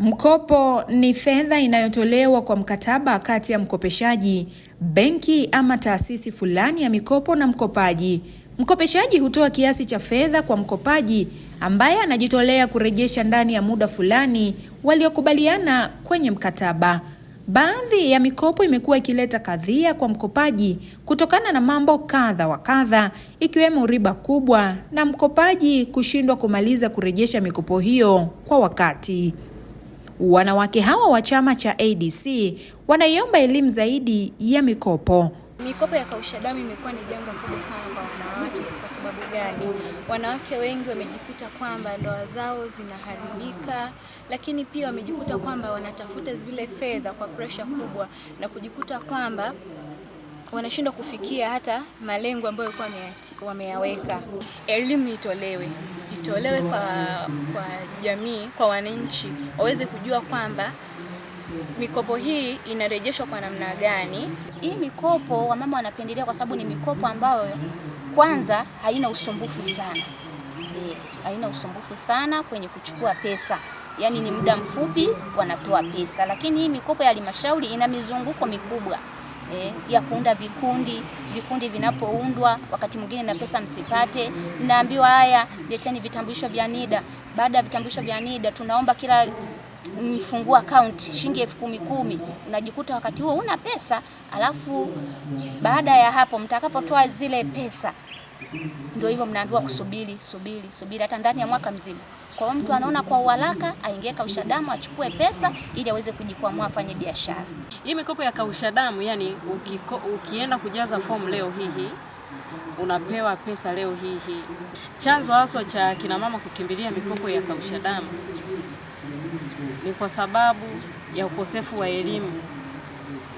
Mkopo ni fedha inayotolewa kwa mkataba kati ya mkopeshaji, benki ama taasisi fulani ya mikopo na mkopaji. Mkopeshaji hutoa kiasi cha fedha kwa mkopaji ambaye anajitolea kurejesha ndani ya muda fulani waliokubaliana kwenye mkataba. Baadhi ya mikopo imekuwa ikileta kadhia kwa mkopaji kutokana na mambo kadha wa kadha ikiwemo riba kubwa na mkopaji kushindwa kumaliza kurejesha mikopo hiyo kwa wakati. Wanawake hawa wa chama cha ADC wanaiomba elimu zaidi ya mikopo. Mikopo ya kausha damu imekuwa ni janga kubwa sana kwa wanawake. Kwa sababu gani? Wanawake wengi wamejikuta kwamba ndoa zao zinaharibika, lakini pia wamejikuta kwamba wanatafuta zile fedha kwa presha kubwa na kujikuta kwamba wanashindwa kufikia hata malengo ambayo walikuwa wameyaweka. Elimu itolewe itolewe kwa, kwa jamii, kwa wananchi waweze kujua kwamba mikopo hii inarejeshwa kwa namna gani. Hii mikopo wamama wanapendelea kwa sababu ni mikopo ambayo kwanza haina usumbufu sana e, haina usumbufu sana kwenye kuchukua pesa, yaani ni muda mfupi wanatoa pesa, lakini hii mikopo ya halmashauri ina mizunguko mikubwa eh, ya kuunda vikundi. Vikundi vinapoundwa wakati mwingine na pesa msipate, naambiwa haya, leteni vitambulisho vya NIDA. Baada ya vitambulisho vya NIDA, tunaomba kila mfungua account shilingi elfu kumi kumi. Unajikuta wakati huo una pesa, alafu baada ya hapo mtakapotoa zile pesa ndio hivyo mnaambiwa kusubiri, subiri, subiri hata ndani ya mwaka mzima. Kwa hiyo mtu anaona kwa uharaka aingie kausha damu achukue pesa ili aweze kujikwamua afanye biashara. Hii mikopo ya kausha damu yani ukiko, ukienda kujaza fomu leo hii unapewa pesa leo hii hii. Chanzo haswa cha kinamama kukimbilia mikopo ya kausha damu ni kwa sababu ya ukosefu wa elimu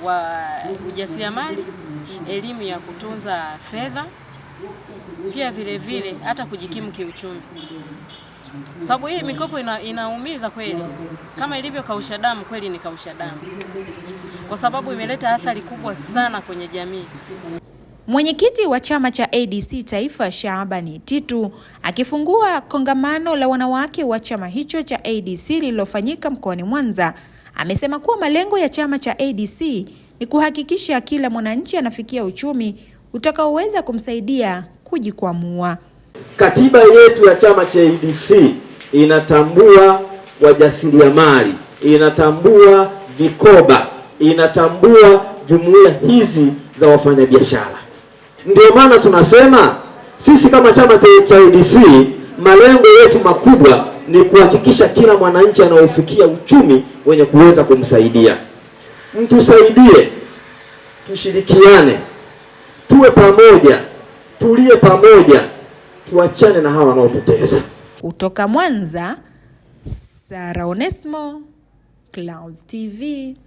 wa ujasiriamali, elimu ya kutunza fedha pia vile hata kujikimu kiuchumi, sababu hii mikopo ina, inaumiza kweli, kama kausha damu, kweli ni kausha damu, kwa sababu imeleta athari kubwa sana kwenye jamii. Mwenyekiti wa chama cha ADC Taifa, Shaabani Titu, akifungua kongamano la wanawake wa chama hicho cha ADC lililofanyika mkoani Mwanza, amesema kuwa malengo ya chama cha ADC ni kuhakikisha kila mwananchi anafikia uchumi utakaoweza kumsaidia kujikwamua. Katiba yetu ya chama cha ADC inatambua wajasiriamali, inatambua vikoba, inatambua jumuiya hizi za wafanyabiashara. Ndio maana tunasema sisi kama chama cha ADC malengo yetu makubwa ni kuhakikisha kila mwananchi anaofikia uchumi wenye kuweza kumsaidia. Mtusaidie, tushirikiane tuwe pamoja, tulie pamoja, tuachane na hawa wanaotutesa. Kutoka Mwanza, Sara Onesmo, Clouds TV.